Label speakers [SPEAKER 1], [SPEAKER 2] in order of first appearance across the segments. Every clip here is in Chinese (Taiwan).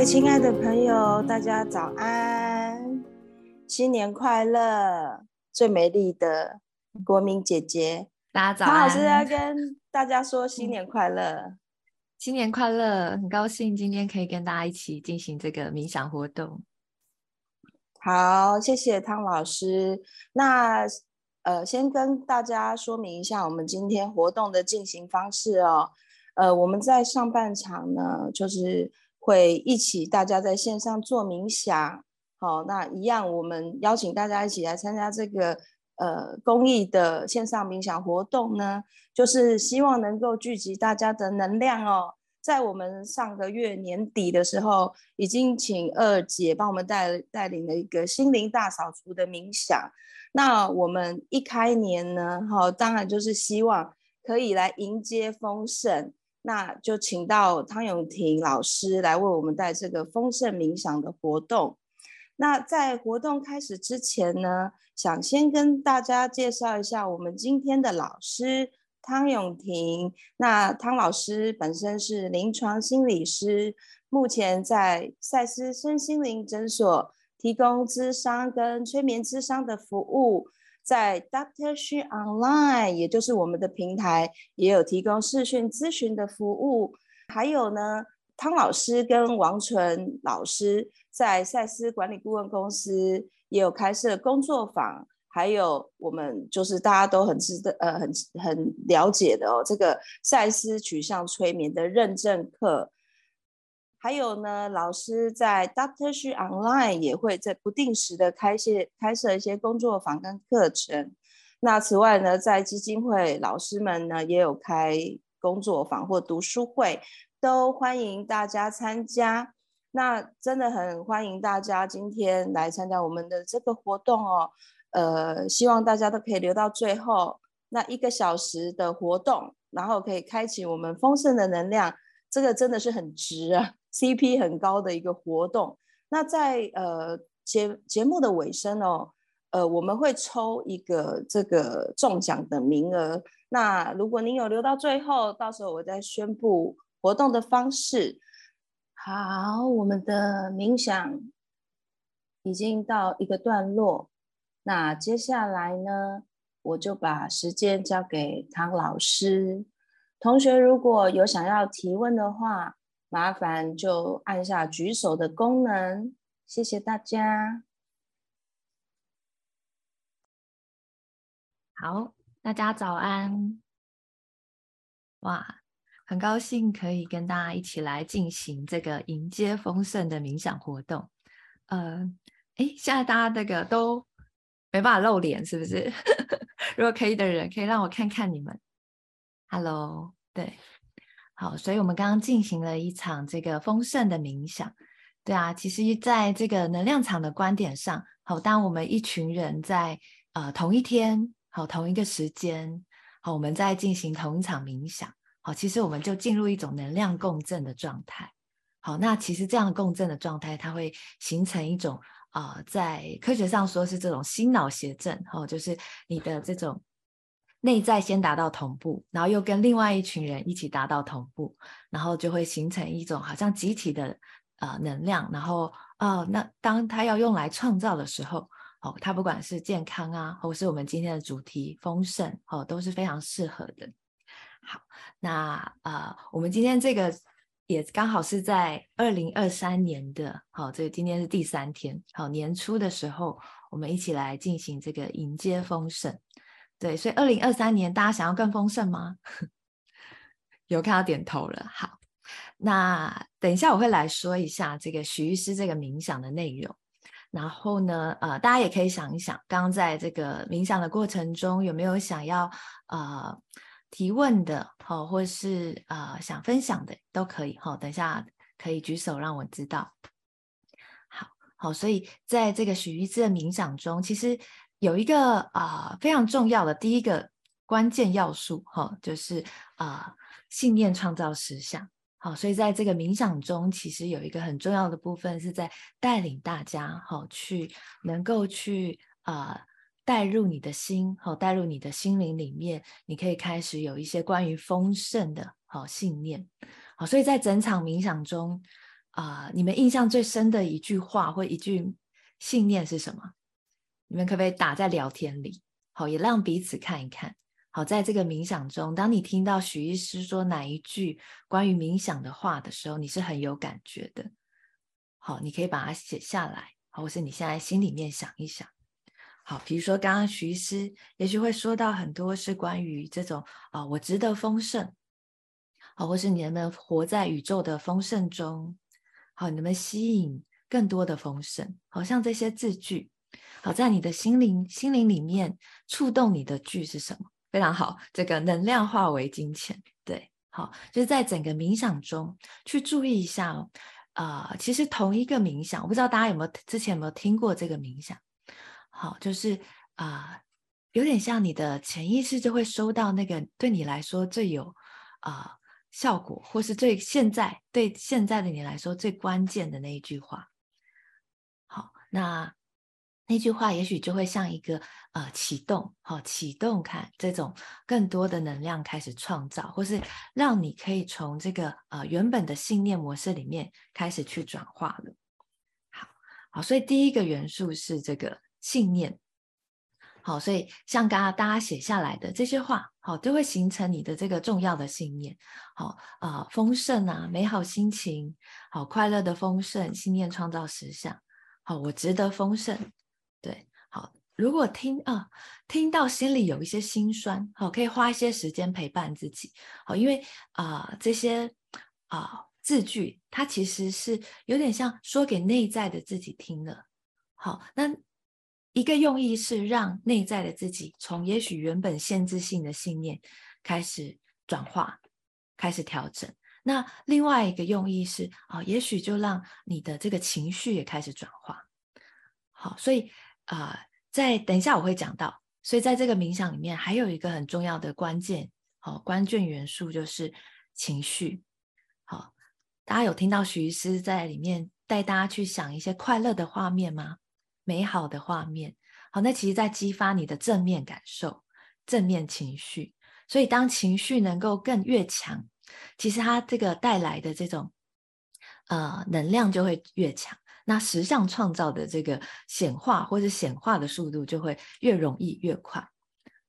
[SPEAKER 1] 各位親愛的朋友，大家早安，新年快樂！最美麗的國民姐姐，大家早安。湯老師要跟大家說新年快樂，新年快樂！很高興今天可以跟大家一起進行這個冥想活動。好，謝謝湯老師。那呃，先跟大家說明一下我們今天活動的進行方式哦。呃，我們在上半場呢，就是。會一起大家在線上做冥想，好，那一樣，我們邀請大家一起來參加這個呃公益的線上冥想活動呢，就是希望能夠聚集大家的能量哦。在我們上個月年底的時候，已經請二姐幫我們帶帶領了一個心靈大掃除的冥想，那我們一開年呢，哈、哦，當然就是希望可以來迎接豐盛。那就請到湯詠婷老師來為我們帶這個豐盛冥想的活動。那在活動開始之前呢，想先跟大家介紹一下我們今天的老師湯詠婷。那湯老師本身是臨床心理師，目前在賽斯身心靈診所提供諮商跟催眠諮商的服務。在 Dr. Hsu Online，也就是我們的平台，也有提供視訊諮詢的服務。還有呢，湯老師跟王純老師在賽斯管理顧問公司也有開設工作坊，還有我們就是大家都很知道，呃，很很了解的哦，這個賽斯取向催眠的認證課。還有呢，老師在 Dr. Hsu Online 也會在不定時的開設開設一些工作坊跟課程。那此外呢，在基金會老師們呢也有開工作坊或讀書會，都歡迎大家參加。那真的很歡迎大家今天來參加我們的這個活動哦。呃，希望大家都可以留到最後那一個小時的活動，然後可以開啟我們豐盛的能量，這個真的是很值啊！CP 很高的一個活動，那在呃節節目的尾聲哦，呃我們會抽一個這個中獎的名額。那如果您有留到最後，到時候我再宣布活動的方式。好，我們的冥想已經到一個段落，那接下來呢，我就把時間交給湯老師。同學如果有想要提問的話。麻煩就按下舉手的功能，謝謝大家。好，大家早安。
[SPEAKER 2] 哇，很高興可以跟大家一起來進行這個迎接豐盛的冥想活動。呃，誒，現在大家那個都沒辦法露臉，是不是？ 如果可以的人，可以讓我看看你們。Hello，對。好，所以我們剛剛進行了一場這個豐盛的冥想，對啊，其實在這個能量場的觀點上，好，當我們一群人在呃同一天，好、哦、同一個時間，好、哦、我們在進行同一場冥想，好、哦，其實我們就進入一種能量共振的狀態，好，那其實這樣的共振的狀態，它會形成一種啊、呃，在科學上說是這種心腦諧振，哦，就是你的這種。內在先達到同步，然後又跟另外一群人一起達到同步，然後就會形成一種好像集體的呃能量，然後哦，那當它要用來創造的時候，哦，它不管是健康啊，或是我們今天的主題豐盛，哦，都是非常適合的。好，那，呃，我們今天這個也剛好是在二零二三年的，好，哦，這今天是第三天，好，哦，年初的時候，我們一起來進行這個迎接豐盛。對，所以二零二三年大家想要更豐盛嗎？ 有看到點頭了。好，那等一下我會來說一下這個許醫師這個冥想的內容。然後呢，呃，大家也可以想一想，剛在這個冥想的過程中有沒有想要呃提問的，哦，或是呃想分享的都可以。哈、哦，等一下可以舉手讓我知道。好好，所以在這個許醫師的冥想中，其實。有一個啊、呃、非常重要的第一個關鍵要素哈、哦，就是啊、呃、信念創造實相。好、哦，所以在這個冥想中，其實有一個很重要的部分是在帶領大家哈、哦，去能夠去啊、呃、帶入你的心哈、哦，帶入你的心靈裡面，你可以開始有一些關於豐盛的哈、哦、信念。好、哦，所以在整場冥想中啊、呃，你們印象最深的一句話或一句信念是什麼？你們可不可以打在聊天裡？好，也讓彼此看一看。好，在這個冥想中，當你聽到徐醫師說哪一句關於冥想的話的時候，你是很有感覺的。好，你可以把它寫下來，或是你現在心裡面想一想。好，比如說剛剛徐醫師也許會說到很多是關於這種啊，我值得豐盛，好，或是你能不能活在宇宙的豐盛中，好，你能不能吸引更多的豐盛，好像這些字句。好，在你的心靈心靈裡面觸動你的句是什麼？非常好，這個能量化為金錢，對，好，就是在整個冥想中去注意一下哦。啊、呃，其實同一個冥想，我不知道大家有沒有之前有沒有聽過這個冥想。好，就是啊、呃，有點像你的潛意識就會收到那個對你來說最有啊、呃、效果，或是最現在對現在的你來說最關鍵的那一句話。好，那。那句話也許就會像一個呃，啟動，好，啟動看這種更多的能量開始創造，或是讓你可以從這個呃原本的信念模式裡面開始去轉化的。好好，所以第一個元素是這個信念。好，所以像剛剛大家寫下來的這些話，好，就會形成你的這個重要的信念。好啊、呃，豐盛啊，美好心情，好，快樂的豐盛，信念創造實相。好，我值得豐盛。如果聽啊、呃，聽到心裡有一些心酸，好、哦，可以花一些時間陪伴自己，好、哦，因為啊、呃，這些啊、呃、字句，它其實是有點像說給內在的自己聽的，好、哦，那一個用意是讓內在的自己從也許原本限制性的信念開始轉化，開始調整；那另外一個用意是啊、哦，也許就讓你的這個情緒也開始轉化，好、哦，所以啊。呃在等一下我會講到，所以在這個冥想裡面還有一個很重要的關鍵，哦，關鍵元素就是情緒。好、哦，大家有聽到徐醫師在裡面帶大家去想一些快樂的畫面嗎？美好的畫面。好、哦，那其實在激發你的正面感受、正面情緒。所以當情緒能夠更越強，其實它這個帶來的這種呃能量就會越強。那實相創造的這個顯化，或者顯化的速度就會越容易越快。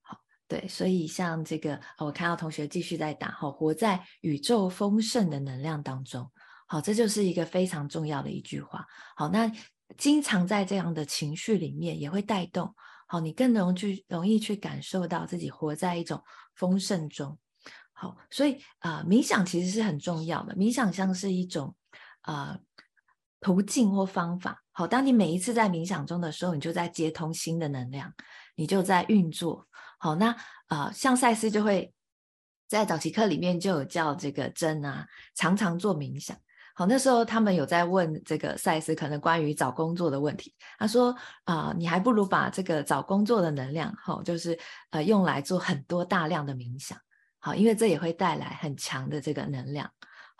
[SPEAKER 2] 好，對，所以像這個，我看到同學繼續在打，好，活在宇宙豐盛的能量當中。好，這就是一個非常重要的一句話。好，那經常在這樣的情緒裡面，也會帶動，好，你更容易容易去感受到自己活在一種豐盛中。好，所以啊、呃，冥想其實是很重要的，冥想像是一種啊、呃，途徑或方法，好，當你每一次在冥想中的時候，你就在接通新的能量，你就在運作。好，那啊、呃，像賽斯就會在早期課裡面就有叫這個珍啊，常常做冥想。好，那時候他們有在問這個賽斯可能關於找工作的問題，他說啊、呃，你還不如把這個找工作的能量，哈、哦，就是呃，用來做很多大量的冥想，好，因為這也會帶來很強的這個能量。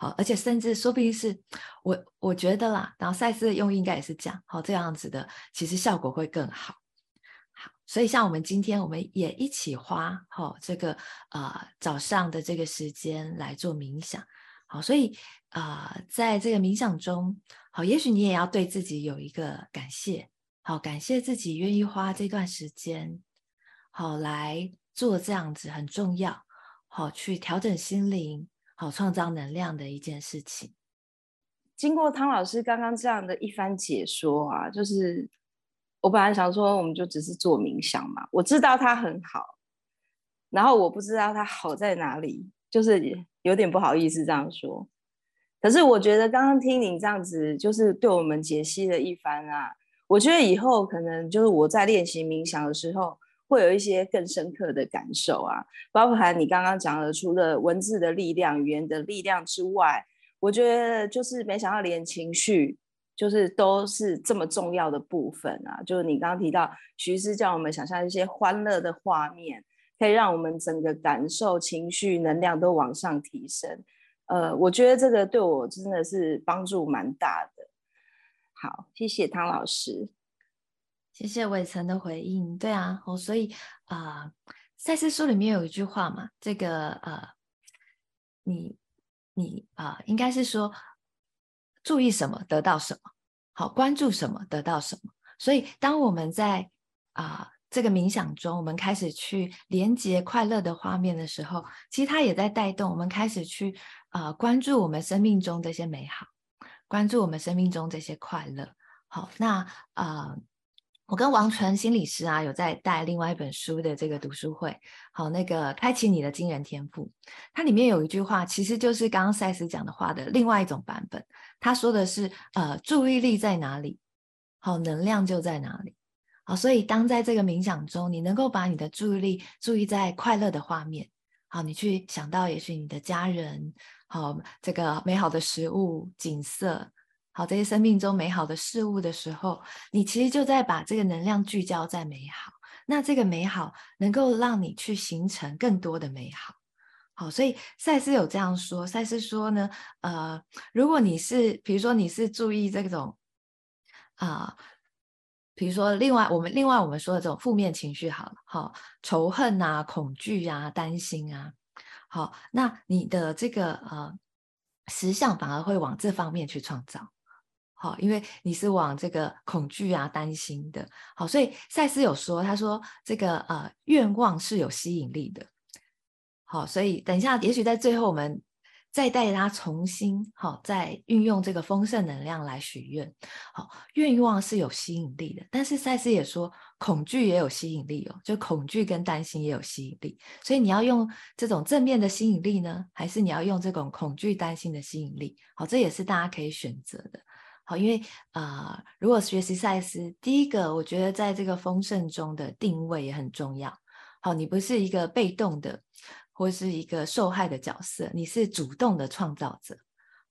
[SPEAKER 2] 好，而且甚至說不定是，我我覺得啦，然後賽斯的用意應該也是講好、哦、這樣子的，其實效果會更好。好，所以像我們今天，我們也一起花好、哦、這個呃早上的這個時間來做冥想。好，所以啊、呃、在這個冥想中，好，也許你也要對自己有一個感謝，好，感謝自己願意花這段時間，好來做這樣子很重要，好去調整心靈。好創造能量的一件事情。
[SPEAKER 1] 經過湯老師剛剛這樣的一番解說啊，就是我本來想說，我們就只是做冥想嘛，我知道他很好，然後我不知道他好在哪裡，就是有點不好意思這樣說。可是我覺得剛剛聽你這樣子，就是對我們解析了一番啊，我覺得以後可能就是我在練習冥想的時候。會有一些更深刻的感受啊，包括你剛剛講的，除了文字的力量、語言的力量之外，我覺得就是沒想到連情緒就是都是這麼重要的部分啊。就是你剛剛提到徐師叫我們想象一些歡樂的畫面，可以讓我們整個感受、情緒、能量都往上提升。呃，我覺得這個對我真的是幫助蠻大的。好，謝謝湯老師。
[SPEAKER 2] 謝謝偉成的回應。對啊，哦，所以啊，呃《賽斯書》裡面有一句話嘛，這個呃，你你啊、呃，應該是說，注意什麼得到什麼，好，關注什麼得到什麼。所以，當我們在啊、呃、這個冥想中，我們開始去連接快樂的畫面的時候，其實它也在帶動我們開始去啊、呃、關注我們生命中這些美好，關注我們生命中這些快樂。好，那啊。呃我跟王純心理師啊，有在帶另外一本書的這個讀書會。好，那個開啟你的驚人天賦，它裡面有一句話，其實就是剛剛賽斯講的話的另外一種版本。它說的是，呃，注意力在哪裡，好，能量就在哪裡。好，所以當在這個冥想中，你能夠把你的注意力注意在快樂的畫面，好，你去想到也許你的家人，好，這個美好的食物、景色。好，這些生命中美好的事物的時候，你其實就在把這個能量聚焦在美好。那這個美好能夠讓你去形成更多的美好。好，所以賽斯有這樣說，賽斯說呢，呃，如果你是，比如說你是注意這種啊，呃，比如說另外我們另外我們說的這種負面情緒，好了，好，仇恨啊，恐懼啊，擔心啊，好，那你的這個呃實相反而會往這方面去創造。好，因為你是往這個恐懼啊、擔心的。好，所以賽斯有說，他說這個呃願望是有吸引力的。好，所以等一下，也許在最後我們再帶他重新，好，再運用這個豐盛能量來許願。好，願望是有吸引力的，但是賽斯也說恐懼也有吸引力哦，就恐懼跟擔心也有吸引力。所以你要用這種正面的吸引力呢，還是你要用這種恐懼擔心的吸引力？好，這也是大家可以選擇的。好，因為啊、呃，如果學習賽斯，第一個我覺得在這個豐盛中的定位也很重要。好，你不是一個被動的，或是一個受害的角色，你是主動的創造者。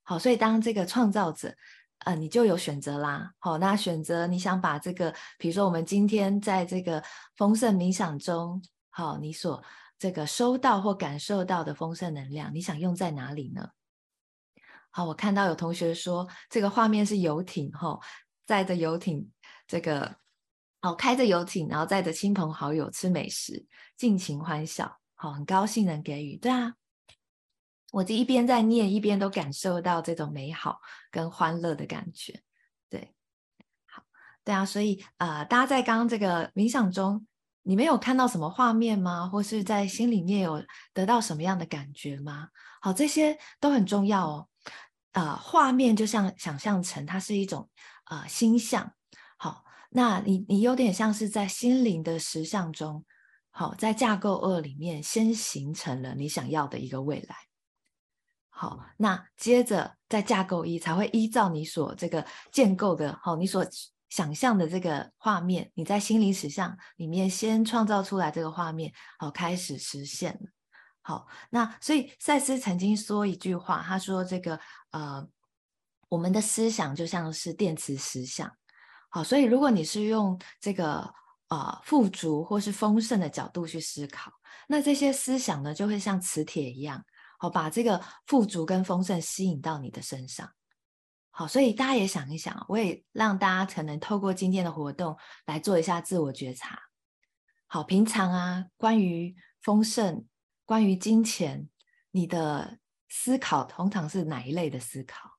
[SPEAKER 2] 好，所以當這個創造者，呃，你就有選擇啦。好，那選擇你想把這個，比如說我們今天在這個豐盛冥想中，好，你所這個收到或感受到的豐盛能量，你想用在哪裡呢？好，我看到有同學說這個畫面是遊艇，吼、哦，載着遊艇，這個好、哦、開着遊艇，然後載着親朋好友吃美食，盡情歡笑，好、哦，很高興能給予，對啊，我就一邊在念，一邊都感受到這種美好跟歡樂的感覺，對，好，對啊，所以呃，大家在剛剛這個冥想中，你們有看到什麼畫面嗎？或是在心裡面有得到什麼樣的感覺嗎？好，這些都很重要哦。啊、呃，畫面就像想象成它是一種啊、呃、星象。好，那你你有點像是在心靈的實相中。好，在架構二裡面先形成了你想要的一個未來。好，那接着在架構一才會依照你所這個建構的，好，你所想象的這個畫面，你在心靈實相裡面先創造出來這個畫面，好，開始實現了。好，那所以賽斯曾經說一句話，他說：“這個呃，我們的思想就像是電磁實相。好，所以如果你是用這個呃富足或是豐盛的角度去思考，那這些思想呢就會像磁鐵一樣，好，把這個富足跟豐盛吸引到你的身上。好，所以大家也想一想，我也讓大家才能透過今天的活動來做一下自我覺察。好，平常啊，關於豐盛。關於金錢，你的思考通常是哪一類的思考？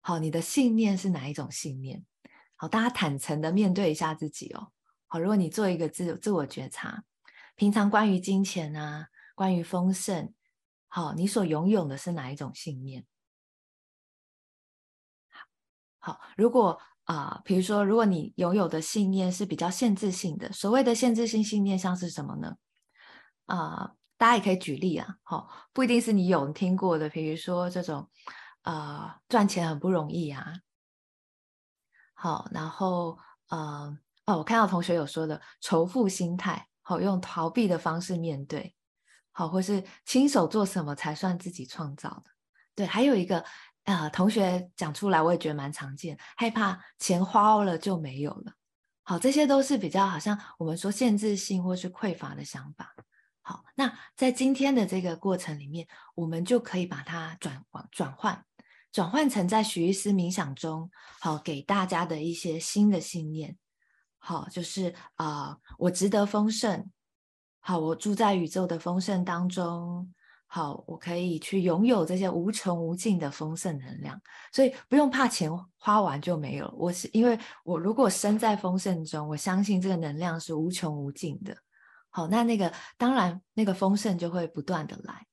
[SPEAKER 2] 好，你的信念是哪一種信念？好，大家坦誠地面對一下自己哦。好，如果你做一個自自我覺察，平常關於金錢啊，關於豐盛，好，你所擁有的是哪一種信念？好，如果啊、呃，比如說，如果你擁有的信念是比較限制性的，所謂的限制性信念像是什麼呢？啊、呃？大家也可以舉例啊，好、哦，不一定是你有聽過的，比如說這種，呃，賺錢很不容易啊，好、哦，然後、呃，哦，我看到同學有說的仇富心態，好、哦，用逃避的方式面對，好、哦，或是親手做什麼才算自己創造的，對，還有一個，啊、呃，同學講出來，我也覺得蠻常見，害怕錢花了就沒有了，好、哦，這些都是比較好像我們說限制性或是匱乏的想法。好，那在今天的這個過程裡面，我們就可以把它轉轉換，轉換成在許醫師冥想中，好，給大家的一些新的信念。好，就是啊、呃，我值得豐盛。好，我住在宇宙的豐盛當中。好，我可以去擁有這些無窮無盡的豐盛能量，所以不用怕錢花完就沒有。我是因為，我如果身在豐盛中，我相信這個能量是無窮無盡的。好，那那個當然，那個豐盛就會不斷的來。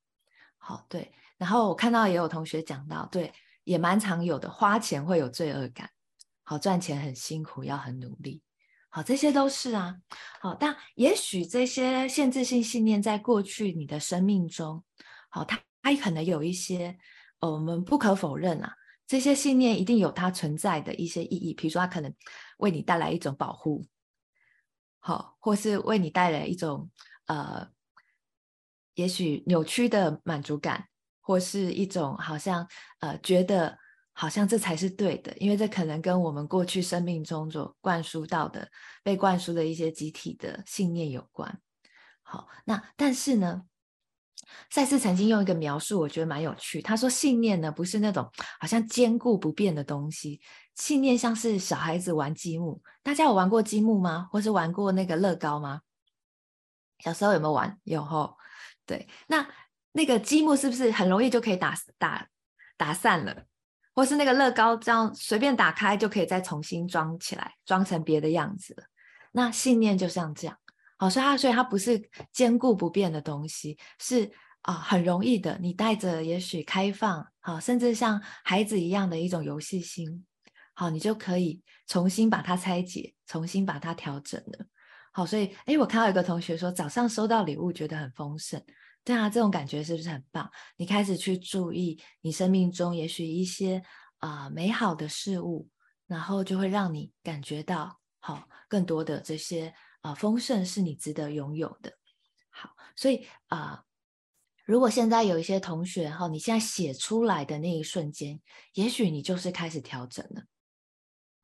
[SPEAKER 2] 好，對。然後我看到也有同學講到，對，也蠻常有的，花錢會有罪惡感，好，賺錢很辛苦，要很努力。好，這些都是啊。好，但也許這些限制性信念在過去你的生命中，好，它它可能有一些，呃，我們不可否認啊，這些信念一定有它存在的一些意義，譬如說它可能為你帶來一種保護。好，或是為你帶來一種呃，也許扭曲的滿足感，或是一種好像呃覺得好像這才是對的，因為這可能跟我們過去生命中所灌輸到的、被灌輸的一些集體的信念有關。好，那但是呢，賽斯曾經用一個描述，我覺得蠻有趣。他說，信念呢不是那種好像堅固不變的東西。信念像是小孩子玩積木，大家有玩過積木嗎？或是玩過那個樂高嗎？小時候有沒有玩？有吼。對，那那個積木是不是很容易就可以打打打散了？或是那個樂高這樣隨便打開就可以再重新裝起來，裝成別的樣子？那信念就像這樣，好、哦，所以它所以它不是堅固不變的東西，是啊、呃，很容易的。你帶着也許開放，啊、哦，甚至像孩子一樣的一種遊戲心。好，你就可以重新把它拆解，重新把它調整了。好，所以，誒，我看到有一個同學說，早上收到禮物，覺得很豐盛。對啊，這種感覺是不是很棒？你開始去注意你生命中也許一些啊、呃、美好的事物，然後就會讓你感覺到好、哦、更多的這些啊、呃、豐盛是你值得擁有的。好，所以啊、呃，如果現在有一些同學哈、哦，你現在寫出來的那一瞬間，也許你就是開始調整了。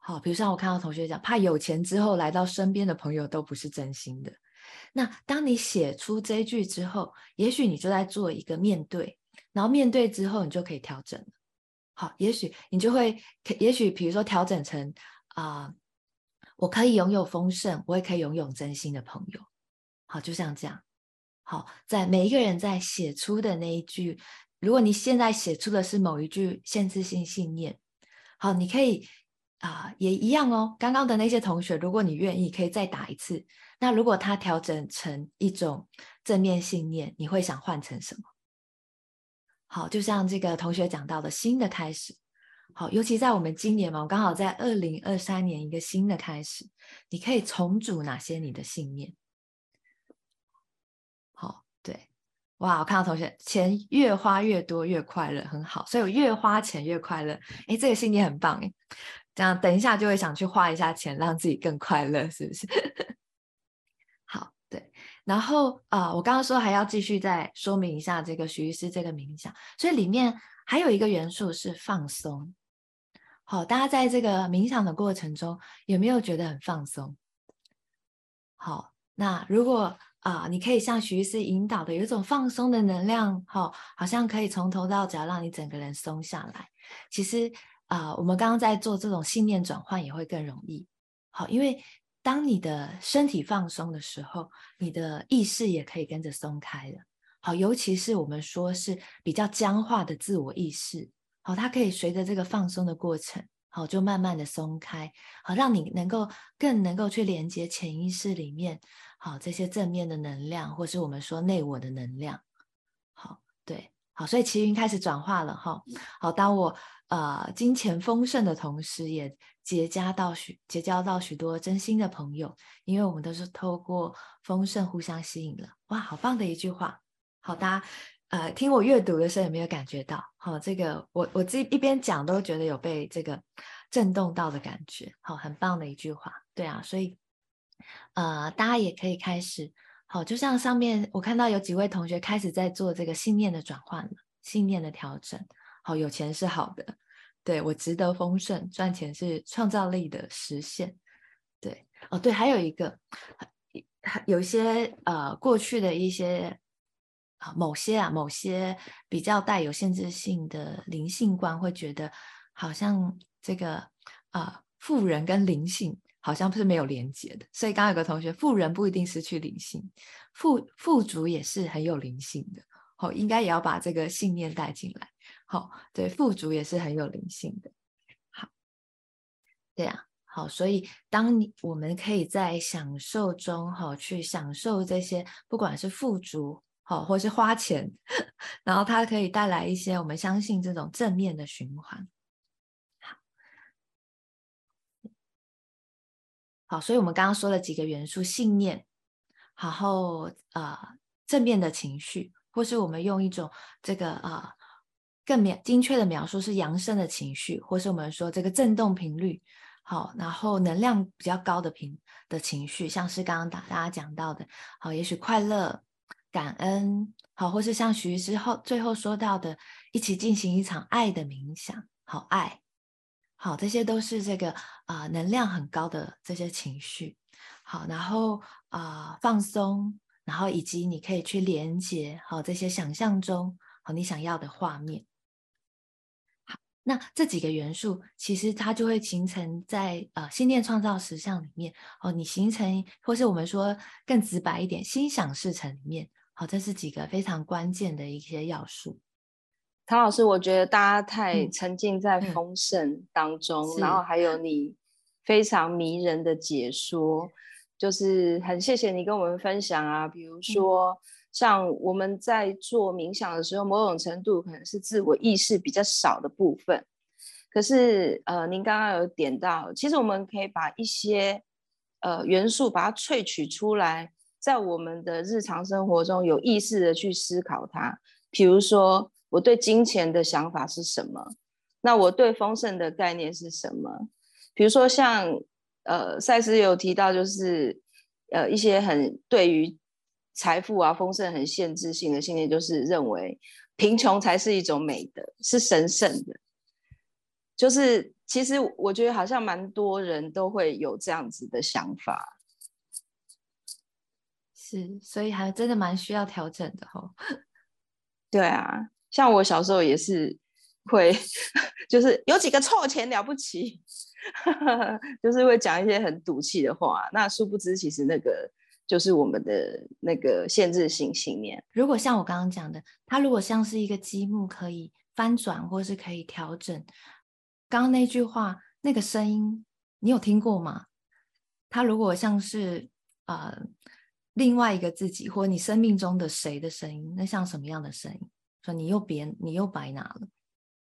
[SPEAKER 2] 好，比如像我看到同學講，怕有錢之後來到身邊的朋友都不是真心的，那當你寫出這一句之後，也許你就在做一個面對，然後面對之後你就可以調整了。好，也許你就會，可也許比如說調整成啊、呃，我可以擁有豐盛，我也可以擁有真心的朋友。好，就像這樣。好，在每一個人在寫出的那一句，如果你現在寫出的是某一句限制性信念，好，你可以。啊、呃，也一樣哦。剛剛的那些同學，如果你願意，可以再打一次。那如果他調整成一種正面信念，你會想換成什麼？好，就像這個同學講到的，新的開始。好，尤其在我們今年嘛，我剛好在二零二三年一個新的開始，你可以重組哪些你的信念？好，對，哇，我看到同學錢越花越多越快樂，很好，所以我越花錢越快樂。誒，這個信念很棒，這樣等一下就會想去花一下錢讓自己更快樂，是不是？ 好，對。然後啊、呃，我剛剛說還要繼續再說明一下這個徐醫師這個冥想，所以裡面還有一個元素是放鬆。好、哦，大家在這個冥想的過程中有沒有覺得很放鬆？好、哦，那如果啊、呃，你可以像徐醫師引導的有一種放鬆的能量，好、哦，好像可以從頭到腳讓你整個人鬆下來。其實。啊、呃，我們剛剛在做這種信念轉換也會更容易。好，因為當你的身體放鬆的時候，你的意識也可以跟着鬆開了。好，尤其是我們說是比較僵化的自我意識，好，它可以隨着這個放鬆的過程，好，就慢慢的鬆開，好，讓你能夠更能夠去連接潛意識裡面，好，這些正面的能量，或是我們說內我的能量。好，所以其實已經開始轉化了哈、哦。好，當我呃金錢豐盛的同時，也結交到許結交到許多真心的朋友，因為我們都是透過豐盛互相吸引了。哇，好棒的一句話！好，大家呃聽我閱讀的時候有沒有感覺到？好、哦，這個我我這一邊講都覺得有被這個震動到的感覺。好、哦，很棒的一句話。對啊，所以呃大家也可以開始。哦，就像上面我看到有幾位同學開始在做這個信念的轉換了，信念的調整。好、哦，有錢是好的，對，我值得豐盛，賺錢是創造力的實現。對，哦對，還有一個，有一些呃過去的一些啊、呃、某些啊某些比較帶有限制性的靈性觀，會覺得好像這個啊呃、富人跟靈性，好像是沒有連接的，所以剛，剛有個同學，富人不一定失去靈性，富富足也是很有靈性的，好、哦，應該也要把這個信念帶進來，好、哦，對，富足也是很有靈性的，好，這樣、啊，好，所以當你我們可以在享受中，好、哦，去享受這些，不管是富足，好、哦，或是花錢，然後它可以帶來一些我們相信這種正面的循環。好，所以我們剛剛說了幾個元素，信念，然後呃正面的情緒，或是我們用一種這個呃更描精確的描述是揚升的情緒，或是我們說這個振動頻率，好，然後能量比較高的頻的情緒，像是剛剛大大家講到的，好，也許快樂、感恩，好，或是像徐醫師最後說到的，一起進行一場愛的冥想，好，愛。好，這些都是這個啊、呃、能量很高的這些情緒。好，然後啊、呃、放鬆，然後以及你可以去連接好、哦、這些想象中好、哦、你想要的畫面。好，那這幾個元素其實它就會形成在呃信念創造實相裡面哦，你形成或是我們說更直白一點，心想事成裡面。好、哦，這是幾個非常關鍵的一些要素。
[SPEAKER 1] 湯老師，我覺得大家太沉浸在豐盛當中，嗯嗯，然後還有你非常迷人的解說，就是很謝謝你跟我們分享啊。比如說，嗯，像我們在做冥想的時候，某種程度可能是自我意識比較少的部分，可是呃，您剛剛有點到，其實我們可以把一些呃元素把它萃取出來，在我們的日常生活中有意識的去思考它，比如說，我對金錢的想法是什麼？那我對豐盛的概念是什麼？比如說像，像呃，賽斯有提到，就是呃，一些很對於財富啊、豐盛很限制性的信念，就是認為貧窮才是一種美德，是神聖的。就是其實我覺得好像蠻多人都會有這樣子的想法，
[SPEAKER 2] 是，所以還真的蠻需要調整的哈、
[SPEAKER 1] 哦。 對啊。像我小時候也是，會 就是有幾個臭錢了不起， 就是會講一些很賭氣的話。那殊不知，其實那個就是我們的那個限制性信念。
[SPEAKER 2] 如果像我剛剛講的，它如果像是一個積木，可以翻轉或是可以調整。剛剛那句話，那個聲音，你有聽過嗎？它如果像是啊、呃，另外一個自己，或你生命中的誰的聲音，那像什麼樣的聲音？說你又別你又白拿了。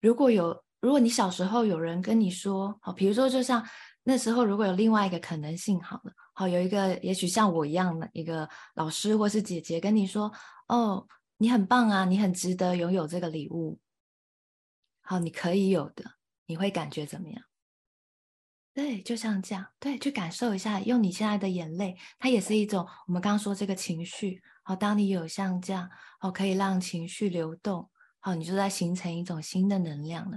[SPEAKER 2] 如果有，如果你小時候有人跟你說，好，比如說就像那時候，如果有另外一個可能性，好了，好，有一個也許像我一樣的一個老師或是姐姐跟你說，哦，你很棒啊，你很值得擁有這個禮物，好，你可以有的，你會感覺怎麼樣？對，就像這樣，對，去感受一下，用你現在的眼淚，它也是一種我們剛剛說這個情緒。好，當你有像這樣，哦，可以讓情緒流動，好，你就在形成一種新的能量了。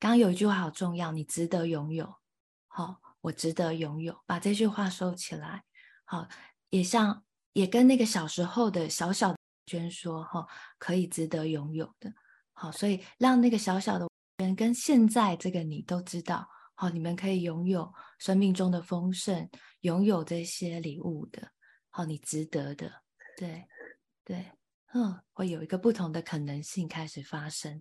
[SPEAKER 2] 剛剛有一句話好重要，你值得擁有。好，我值得擁有，把這句話收起來。好，也像也跟那個小時候的小小的娟說哈，可以值得擁有的。好，所以讓那個小小的人跟現在這個你都知道，好，你們可以擁有生命中的豐盛，擁有這些禮物的。好，你值得的。對，對，嗯，會有一個不同的可能性開始發生，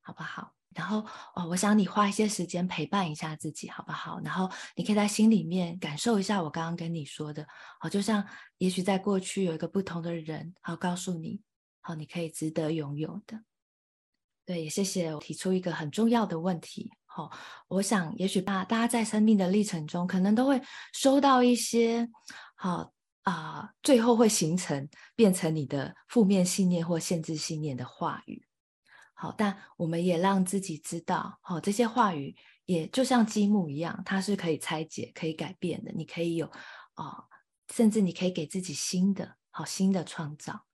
[SPEAKER 2] 好不好？然後哦，我想你花一些時間陪伴一下自己，好不好？然後你可以在心裡面感受一下我剛剛跟你說的，好，就像也許在過去有一個不同的人，好，告訴你，好，你可以值得擁有的。對，也謝謝我提出一個很重要的問題，好，我想也許吧，大家在生命的歷程中，可能都會收到一些好。啊、呃，最後會形成變成你的負面信念或限制信念的話語。好，但我們也讓自己知道，好、哦，這些話語也就像積木一樣，它是可以拆解、可以改變的。你可以有啊、呃，甚至你可以給自己新的，好，新的創造。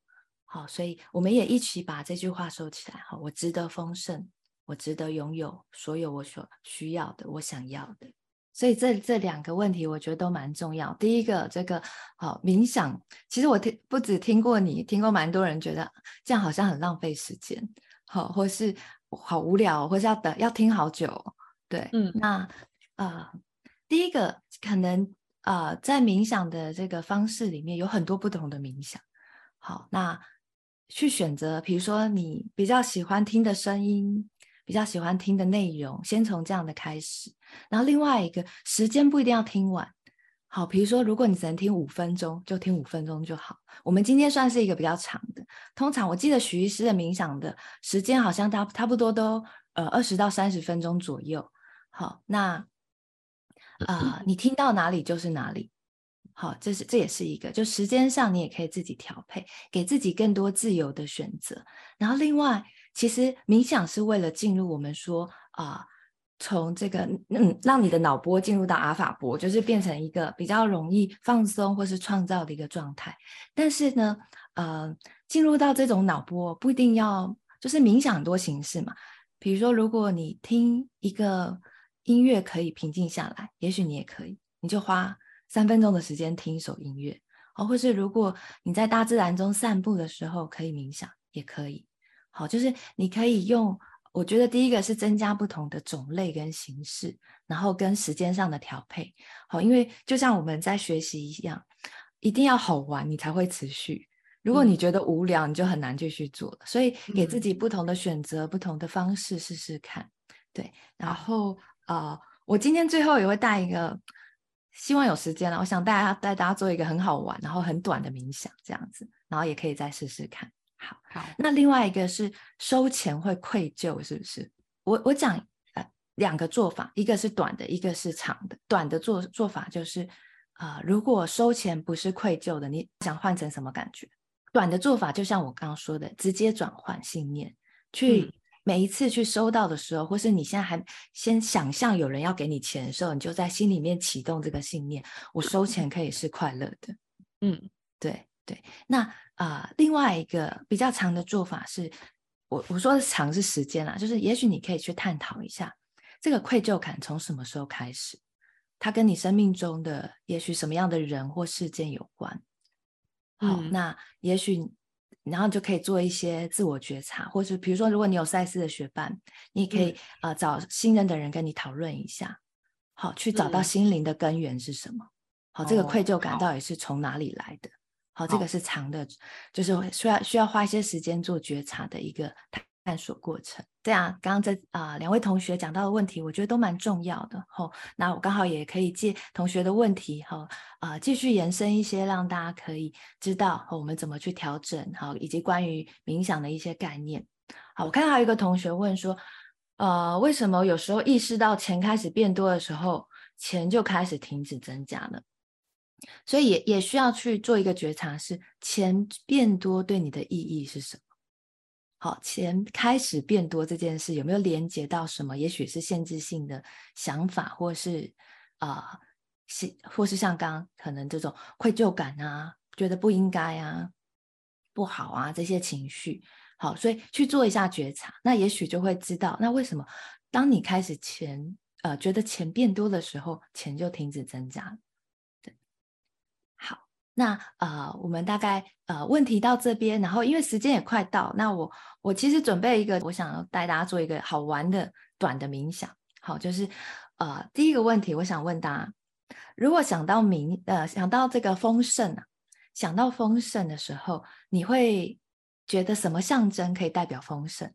[SPEAKER 2] 好，所以我們也一起把這句話收起來。好，我值得豐盛，我值得擁有所有我所需要的、的我想要的。所以這這兩個問題，我覺得都蠻重要。第一個，這個好、哦、冥想，其實我聽不只聽過你，聽過蠻多人覺得這樣好像很浪費時間，好、哦，或是好無聊，或是要等要聽好久。對，嗯，那啊、呃，第一個可能啊、呃，在冥想的這個方式裡面，有很多不同的冥想。好、哦，那去選擇，比如說你比較喜歡聽的聲音。比較喜歡聽的內容，先從這樣的開始。然後另外一個時間不一定要聽完，好，比如說如果你只能聽五分鐘，就聽五分鐘就好。我們今天算是一個比較長的，通常我記得徐醫師的冥想的時間好像大差不多都呃二十到三十分鐘左右。好，那啊、呃、你聽到哪裡就是哪裡。好，這是這也是一個就時間上你也可以自己調配，給自己更多自由的選擇。然後另外。其實冥想，是為了進入我們說啊、呃，從這個嗯，讓你的腦波進入到阿法波，就是變成一個比較容易放鬆或是創造的一個狀態。但是呢，呃，進入到這種腦波不一定要就是冥想多形式嘛。比如說，如果你聽一個音樂可以平靜下來，也許你也可以，你就花三分鐘的時間聽一首音樂哦。或是如果你在大自然中散步的時候可以冥想，也可以。好，就是你可以用，我覺得第一個是增加不同的種類跟形式，然後跟時間上的調配。好，因為就像我們在學習一樣，一定要好玩，你才會持續。
[SPEAKER 1] 如果你覺
[SPEAKER 2] 得無聊，你就很難繼續做、嗯。所以給自己不同的選擇、嗯，不同的方式試試看。對，然後、嗯、呃，我今天最後也會帶一個，希望有時間了，我想帶大家帶大家做一個很好玩，然後很短的冥想，這樣子，然後也可以再試試看。好，好，那另外一個是收錢會愧疚，是不是？我我講呃兩個做法，一個是短的，一個是長的。短的做做法就是啊、呃，如果收錢不是愧疚的，你想換成什麼感覺？短的做法就像我剛剛說的，直接轉換信念，去每一次去收到的時候，嗯、或是你現在還先想象有人要給你錢的時候，你就在心裡面啟動這個信念：我收錢可以是快樂的。嗯，對。對，那啊、呃，另外一個比較長的做法是，我我說的長是時間啦，就是也許你可以去探討一下，這個愧疚感從什麼時候開始，它跟你生命中的也許什麼樣的人或事件有關。好，嗯、那也許然後就可以做一些自我覺察，或是比如說，如果你有賽斯的學伴，你也可以啊、嗯呃、找信任的人跟你討論一下，好，去找到心靈的根源是什麼。嗯、好，這個愧疚感到底是從哪裡來的？哦好，這個是長的，就是需要需要花一些時間做覺察的一個探索過程。對啊、啊，剛剛在啊、呃、兩位同學講到的問題，我覺得都蠻重要的。好、哦，那我剛好也可以借同學的問題，好、哦、啊、呃、繼續延伸一些，讓大家可以知道、哦、我們怎麼去調整。好、哦，以及關於冥想的一些概念。好，我看到有一個同學問說，呃，為什麼有時候意識到錢開始變多的時候，錢就開始停止增加了？所以也也需要去做一個覺察，是錢變多對你的意義是什麼？好，錢開始變多這件事有沒有連接到什麼？也許是限制性的想法或是、呃，或是啊，是或是像剛剛可能這種愧疚感啊，覺得不應該啊，不好啊這些情緒。好，所以去做一下覺察，那也許就會知道，那為什麼當你開始錢呃覺得錢變多的時候，錢就停止增加了？那呃，我們大概呃，問題到這邊，然後因為時間也快到，那我我其實準備一個，我想要帶大家做一個好玩的短的冥想，好，就是呃，第一個問題，我想問大家，如果想到冥，呃，想到這個豐盛啊，想到豐盛的時候，你會覺得什麼象徵可以代表豐盛？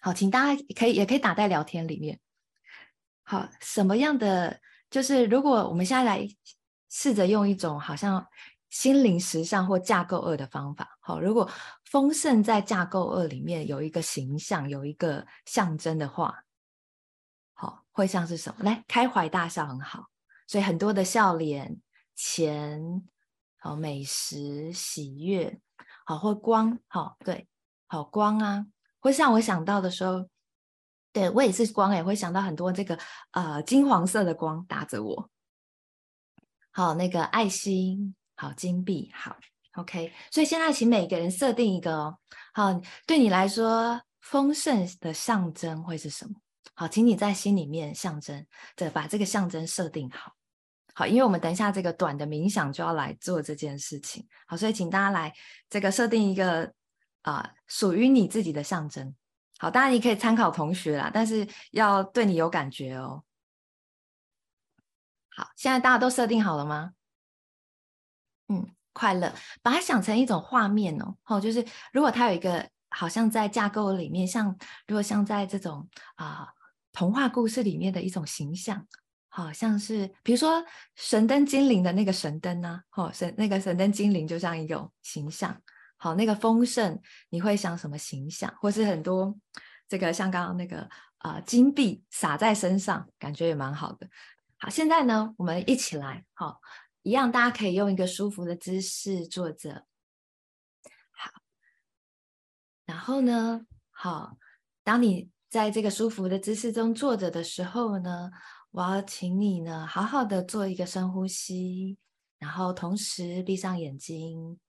[SPEAKER 2] 好，請大家可以也可以打在聊天裡面，好，什麼樣的？就是如果我們現在來試着用一種好像心靈時尚或架構二的方法，好、哦，如果豐盛在架構二裡面有一個形象，有一個象徵的話，好、哦，會像是什麼？來，開懷大笑很好，所以很多的笑臉、錢、好、哦、美食、喜悅，好、哦、或光，好、哦、對，好、哦、光啊，會像我想到的時候。對我也是光也、欸、會想到很多這個呃金黃色的光打着我。好，那個愛心，好金幣，好 OK。所以現在請每個人設定一個、哦、好，對你來說豐盛的象徵會是什麼？好，請你在心裡面象徵對，把這個象徵設定好。好，因為我們等一下這個短的冥想就要來做這件事情。好，所以請大家來這個設定一個啊、呃、屬於你自己的象徵。好，當然你可以參考同學啦，但是要對你有感覺哦。好，現在大家都設定好了嗎？嗯，快樂，把它想成一種畫面哦。哦，就是如果它有一個，好像在架構裡面，像如果像在這種啊、呃、童話故事裡面的一種形象，好、哦、像是比如說神燈精靈的那個神燈呢、啊，哦，神那個神燈精靈就像一種形象。好，那個豐盛，你會想什麼形象？或是很多這個像剛剛那個啊、呃，金幣撒在身上，感覺也蠻好的。好，現在呢，我們一起來，好，一樣，大家可以用一個舒服的姿勢坐着。好，然後呢，好，當你在這個舒服的姿勢中坐着的時候呢，我要請你呢，好好的做一個深呼吸，然後同時閉上眼睛。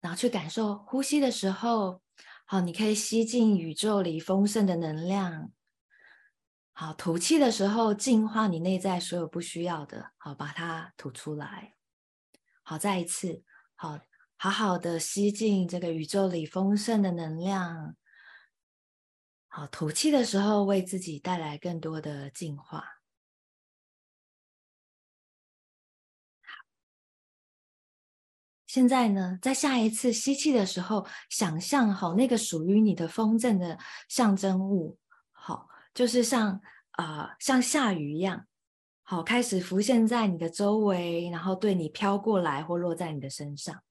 [SPEAKER 2] 然後去感受呼吸的時候，好，你可以吸進宇宙裡豐盛的能量，好吐氣的時候淨化你內在所有不需要的，好把它吐出來。好，再一次，好好好的吸進這個宇宙裡豐盛的能量，好吐氣的時候為自己帶來更多的淨化。現在呢，在下一次吸氣的時候，想象好那個屬於你的豐盛的象徵物，好，就是像啊、呃，像下雨一樣，好，開始浮現在你的周圍，然後對你飄過來或落在你的身上。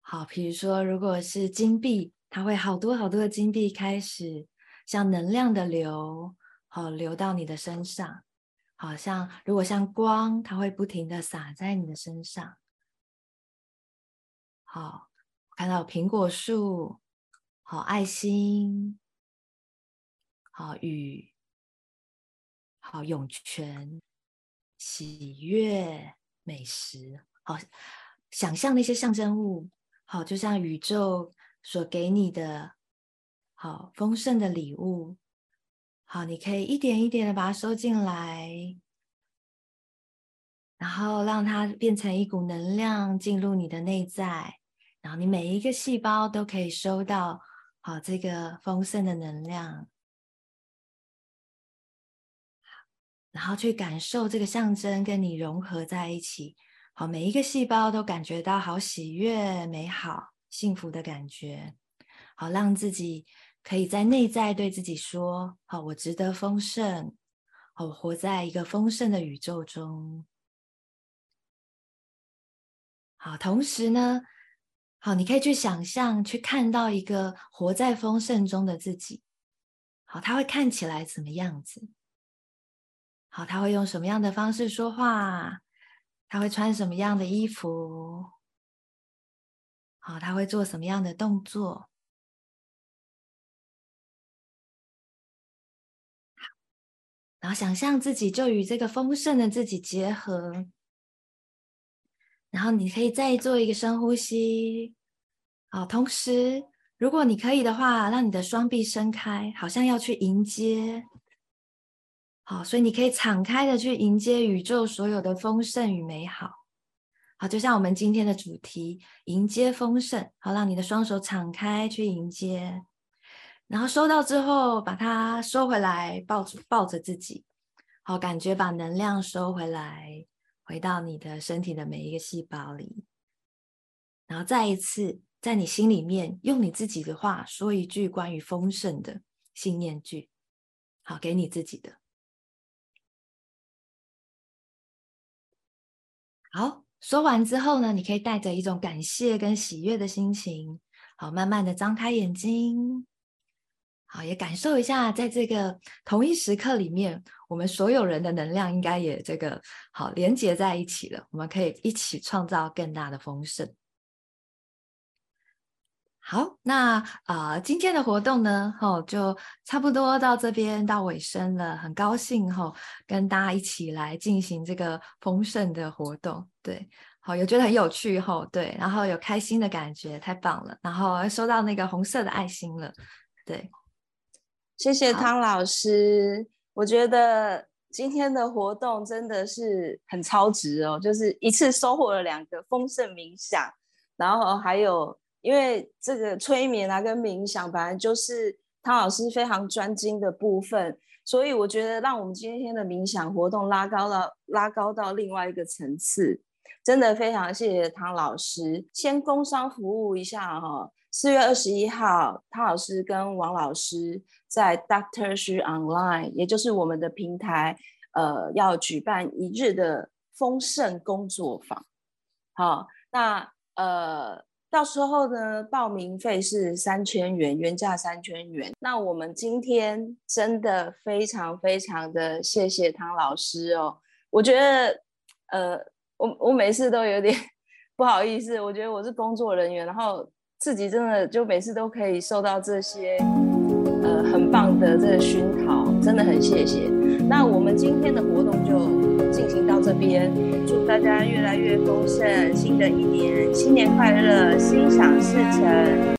[SPEAKER 2] 好，比如說，如果是金幣，它會好多好多的金幣開始像能量的流，好，流到你的身上。好像如果像光，它會不停的灑在你的身上。好，看到蘋果樹，好，愛心，好，雨，好，湧泉，喜悅，美食，好，想象那些象徵物，好，就像宇宙所給你的，好，豐盛的禮物。好，你可以一點一點的把它收進來，然後讓它變成一股能量進入你的內在，然後你每一個細胞都可以收到好這個豐盛的能量，然後去感受這個象徵跟你融合在一起，好，每一個細胞都感覺到好喜悅、美好、幸福的感覺，好，讓自己。可以在內在對自己說：“好，我值得豐盛。好，我活在一個豐盛的宇宙中。好，同時呢，好，你可以去想象，去看到一個活在豐盛中的自己。好，他會看起來怎麼樣子？好，他會用什麼樣的方式說話？他會穿什麼樣的衣服？好，他會做什麼樣的動作？”然後想象自己就與這個豐盛的自己結合，然後你可以再做一個深呼吸，好，同時，如果你可以的話，讓你的雙臂伸開，好像要去迎接，好，所以你可以敞開的去迎接宇宙所有的豐盛與美好，好，就像我們今天的主題，迎接豐盛，好，讓你的雙手敞開去迎接。然後收到之後，把它收回來抱，抱抱着自己，好，感覺把能量收回來，回到你的身體的每一個細胞裡。然後再一次在你心裡面，用你自己的話說一句關於豐盛的信念句，好，給你自己的。好，說完之後呢，你可以帶着一種感謝跟喜悅的心情，好，慢慢的張開眼睛。好，也感受一下，在這個同一時刻裡面，我們所有人的能量應該也這個好連接在一起了。我們可以一起創造更大的豐盛。好，那啊、呃，今天的活動呢，吼、哦，就差不多到這邊到尾聲了。很高興吼、哦，跟大家一起來進行這個豐盛的活動。對，好、哦，有覺得很有趣哦。對，然後有開心的感覺，太棒了。然後收到那個紅色的愛心了，
[SPEAKER 1] 對。謝謝湯老師，我覺得今天的活動真的是很超值哦，就是一次收穫了兩個豐盛冥想，然後還有因為這個催眠啊跟冥想，本來就是湯老師非常專精的部分，所以我覺得讓我們今天的冥想活動拉高到拉高到另外一個層次，真的非常謝謝湯老師。先工商服務一下哈、哦，四月二十一號，湯老師跟王老師。在 Dr. Hsu Online，也就是我們的平台，呃，要舉辦一日的豐盛工作坊。好，那呃，到時候呢，報名費是三千元，原價三千元。那我們今天真的非常非常的謝謝湯老師哦。我覺得，呃，我我每次都有點不好意思，我覺得我是工作人員，然後自己真的就每次都可以受到這些，呃，很。的這個熏陶，真的很謝謝。那我們今天的活動就進行到這邊，祝大家越來越豐盛，新的一年新年快樂，心想事成。